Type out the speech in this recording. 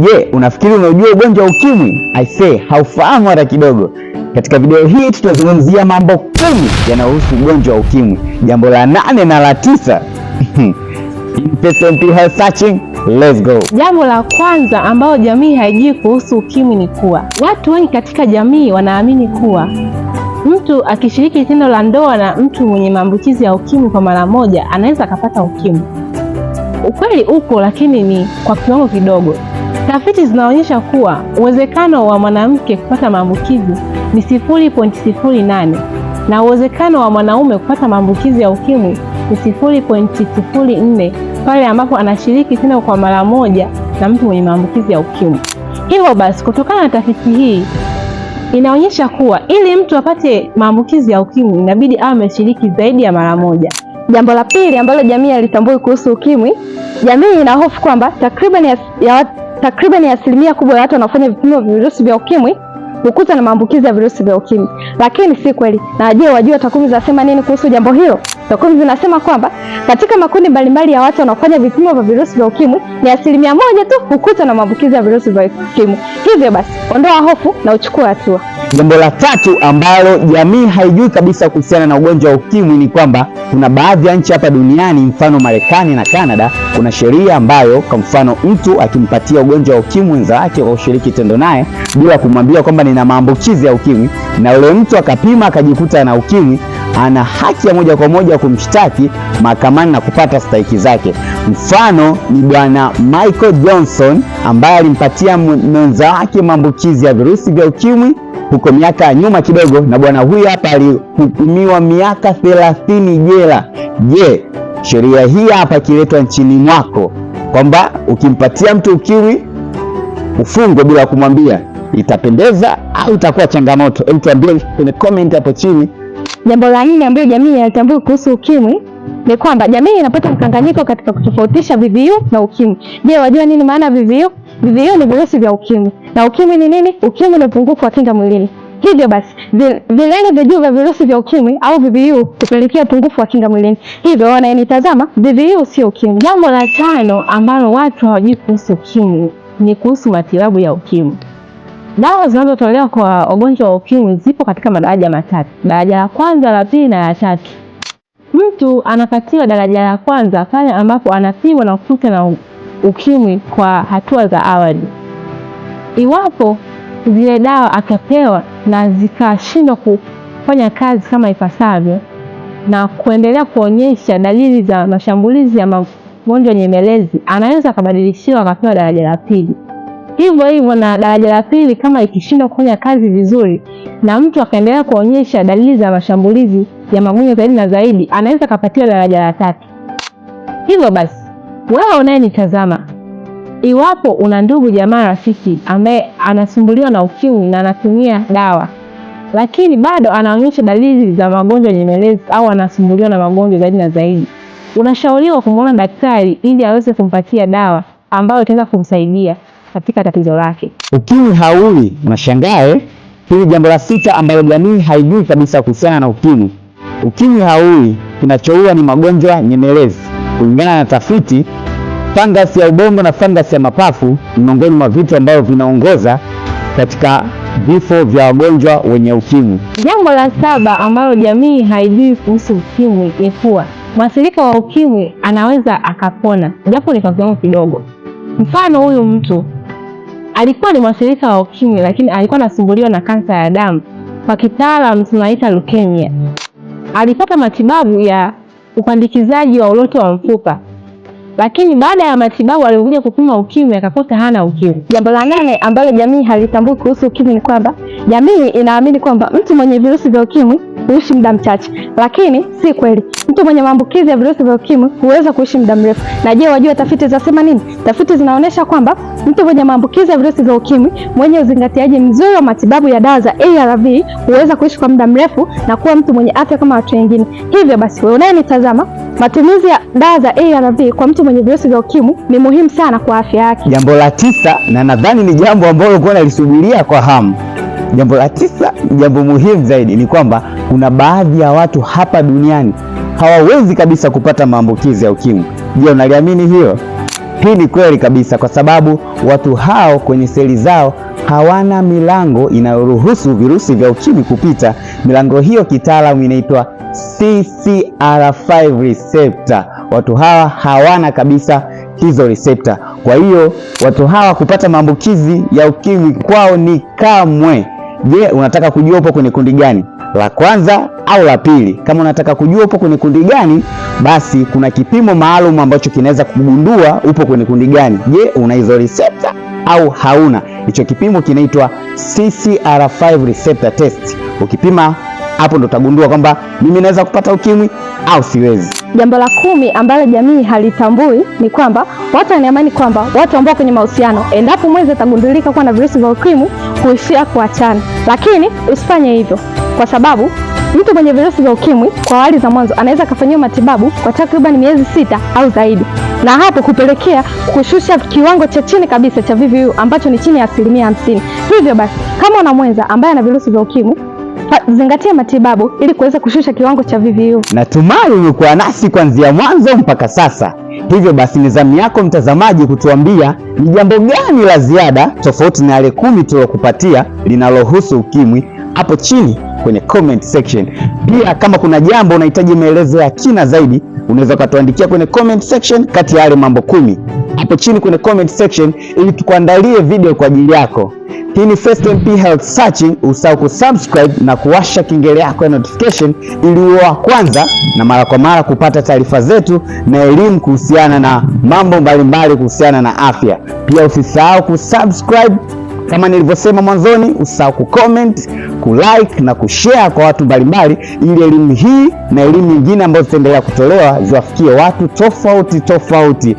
Je, unafikiri unajua ugonjwa wa ukimwi? I say haufahamu hata kidogo. Katika video hii tutazungumzia mambo kumi yanayohusu ugonjwa wa ukimwi, jambo la nane na la tisa. Let's go. Jambo la kwanza ambalo jamii haijui kuhusu ukimwi ni kuwa watu wengi katika jamii wanaamini kuwa mtu akishiriki tendo la ndoa na mtu mwenye maambukizi ya ukimwi kwa mara moja anaweza akapata ukimwi. Ukweli uko, lakini ni kwa kiwango kidogo. Tafiti zinaonyesha kuwa uwezekano wa mwanamke kupata maambukizi ni nane na uwezekano wa mwanaume kupata maambukizi ya ukimwi ni nne pale ambapo anashiriki tena kwa mara moja na mtu mwenye maambukizi ya ukimwi. Hivyo basi, kutokana na tafiti hii inaonyesha kuwa ili mtu apate maambukizi ya ukimwi inabidi awe ameshiriki zaidi ya mara moja. Jambo la pili ambalo jamii halitambui kuhusu ukimwi, jamii ina hofu kwamba takriban ya, ya takriban asilimia kubwa ya watu wanaofanya vipimo vya virusi vya ukimwi hukuta na maambukizi ya virusi vya ukimwi, lakini si kweli. Na je, wajua takwimu zinasema nini kuhusu jambo hilo? Takwimu zinasema kwamba katika makundi mbalimbali ya watu wanaofanya vipimo vya virusi vya ukimwi ni asilimia moja tu hukutwa na maambukizi ya virusi vya ukimwi. Hivyo basi, ondoa hofu na uchukue hatua. Jambo la tatu ambalo jamii haijui kabisa kuhusiana na ugonjwa wa ukimwi ni kwamba kuna baadhi ya nchi hapa duniani, mfano Marekani na Kanada, kuna sheria ambayo, kwa mfano, mtu akimpatia ugonjwa wa ukimwi mwenza wake kwa ushiriki tendo naye bila kumwambia kwamba nina maambukizi ya ukimwi, na yule mtu akapima akajikuta na ukimwi ana haki ya moja kwa moja kumshtaki mahakamani na kupata stahiki zake. Mfano ni bwana Michael Johnson ambaye alimpatia mwenza wake maambukizi ya virusi vya ukimwi huko miaka ya nyuma kidogo, na bwana huyu hapa alihukumiwa miaka 30 jela. Je, sheria hii hapa ikiletwa nchini mwako kwamba ukimpatia mtu ukimwi ufungwe bila kumwambia, itapendeza au itakuwa changamoto? Hebu tuambie kwenye comment hapo chini. Jambo la nne ambayo jamii inatambua kuhusu ukimwi ni kwamba jamii inapata mkanganyiko katika kutofautisha VVU na ukimwi. Je, wajua nini maana VVU? VVU ni virusi vya ukimwi na ukimwi ni nini? Ukimwi ni upungufu wa kinga mwilini. Hivyo basi vilele vya juu vya virusi vya ukimwi au VVU kupelekea upungufu wa kinga mwilini. Hivyo wanayenitazama, VVU sio ukimwi. Jambo la tano ambalo watu hawajui kuhusu ukimwi ni kuhusu matibabu ya ukimwi. Dawa zinazotolewa kwa wagonjwa wa ukimwi zipo katika madaraja matatu: daraja la kwanza, la pili na la tatu. Mtu anapatiwa daraja la kwanza pale ambapo anapigwa na kufuta na ukimwi kwa hatua za awali. Iwapo zile dawa akapewa na zikashindwa kufanya kazi kama ipasavyo na kuendelea kuonyesha dalili za mashambulizi ya magonjwa nyemelezi, anaweza akabadilishiwa akapewa daraja la pili. Hivyo hivyo na daraja la pili, kama ikishindwa kufanya kazi vizuri na mtu akaendelea kuonyesha dalili za mashambulizi ya magonjwa zaidi na zaidi, anaweza akapatiwa daraja la tatu. Hivyo basi, wewe unayenitazama, iwapo una ndugu, jamaa, rafiki ambaye anasumbuliwa na ukimwi na anatumia dawa lakini bado anaonyesha dalili za magonjwa nyemelezi au anasumbuliwa na magonjwa zaidi na zaidi, unashauriwa kumwona daktari ili aweze kumpatia dawa ambayo itaweza kumsaidia katika tatizo lake. Ukimwi hauli, unashangae. Hili jambo la sita ambalo jamii haijui kabisa kuhusiana na ukimwi. Ukimwi hauli, kinachoua ni magonjwa nyemelezi. Kulingana na tafiti, fangasi ya ubongo na fangasi ya mapafu ni miongoni mwa vitu ambavyo vinaongoza katika vifo vya wagonjwa wenye ukimwi. Jambo la saba ambalo jamii haijui kuhusu ukimwi ni kuwa mwathirika wa ukimwi anaweza akapona japo ni kwa kiwango kidogo. Mfano, huyu mtu Alikuwa ni mwathirika wa ukimwi, lakini alikuwa anasumbuliwa na kansa ya damu, kwa kitaalam tunaita leukemia. Alipata matibabu ya upandikizaji wa uloto wa mfupa, lakini baada ya matibabu alikuja kupima ukimwi akakuta hana ukimwi. Jambo la nane ambalo jamii halitambui kuhusu ukimwi ni kwamba jamii inaamini kwamba mtu mwenye virusi vya ukimwi huishi muda mchache, lakini si kweli. Mtu mwenye maambukizi ya virusi vya ukimwi huweza kuishi muda mrefu. Na je, wajua tafiti zinasema nini? Tafiti zinaonyesha kwamba mtu mwenye maambukizi ya virusi vya ukimwi mwenye uzingatiaji mzuri wa matibabu ya dawa za ARV huweza kuishi kwa muda mrefu na kuwa mtu mwenye afya kama watu wengine. Hivyo basi, wewe unayenitazama, matumizi ya dawa za ARV kwa mtu mwenye virusi vya ukimwi ni muhimu sana kwa afya yake. Jambo la tisa, na nadhani ni jambo ambalo ulikuwa unalisubiria kwa hamu Jambo la tisa, jambo muhimu zaidi ni kwamba kuna baadhi ya watu hapa duniani hawawezi kabisa kupata maambukizi ya UKIMWI. Je, unaliamini hiyo Hii ni kweli kabisa, kwa sababu watu hao kwenye seli zao hawana milango inayoruhusu virusi vya UKIMWI kupita. Milango hiyo kitaalamu inaitwa CCR5 receptor. Watu hawa hawana kabisa hizo receptor. Kwa hiyo watu hawa kupata maambukizi ya UKIMWI kwao ni kamwe Je, unataka kujua upo kwenye kundi gani, la kwanza au la pili? Kama unataka kujua upo kwenye kundi gani, basi kuna kipimo maalum ambacho kinaweza kugundua upo kwenye kundi gani. Je, una hizo receptor au hauna? Hicho kipimo kinaitwa CCR5 receptor test. Ukipima hapo ndo utagundua kwamba mimi naweza kupata ukimwi au siwezi. Jambo la kumi ambalo jamii halitambui ni kwamba watu wanaamini kwamba watu ambao kwenye mahusiano, endapo mwenzi atagundulika kuwa na virusi vya ukimwi, kuishia kuachana, lakini usifanye hivyo kwa sababu mtu mwenye virusi vya ukimwi kwa awali za mwanzo anaweza akafanyiwa matibabu kwa takriban miezi sita au zaidi, na hapo kupelekea kushusha kiwango cha chini kabisa cha VVU ambacho ni chini ya asilimia hamsini. Hivyo basi, kama una mwenza ambaye ana virusi vya ukimwi Zingatia matibabu ili kuweza kushusha kiwango cha VVU. Natumai umekuwa nasi kuanzia mwanzo mpaka sasa. Hivyo basi ni zamu yako mtazamaji kutuambia ni jambo gani la ziada tofauti na yale kumi tulokupatia linalohusu UKIMWI hapo chini kwenye comment section. Pia kama kuna jambo unahitaji maelezo ya kina zaidi unaweza ukatuandikia kwenye comment section kati ya yale mambo kumi hapo chini kwenye comment section, ili tukuandalie video kwa ajili yako. Hii ni First MP Health Searching. Usahau kusubscribe na kuwasha kengele yako ya notification ili uwe wa kwanza na mara kwa mara kupata taarifa zetu na elimu kuhusiana na mambo mbalimbali kuhusiana na afya. Pia usisahau kusubscribe kama nilivyosema mwanzoni, usahau kucomment, kulike na kushare kwa watu mbalimbali, ili elimu hii na elimu nyingine ambazo zitaendelea kutolewa ziwafikie watu tofauti tofauti.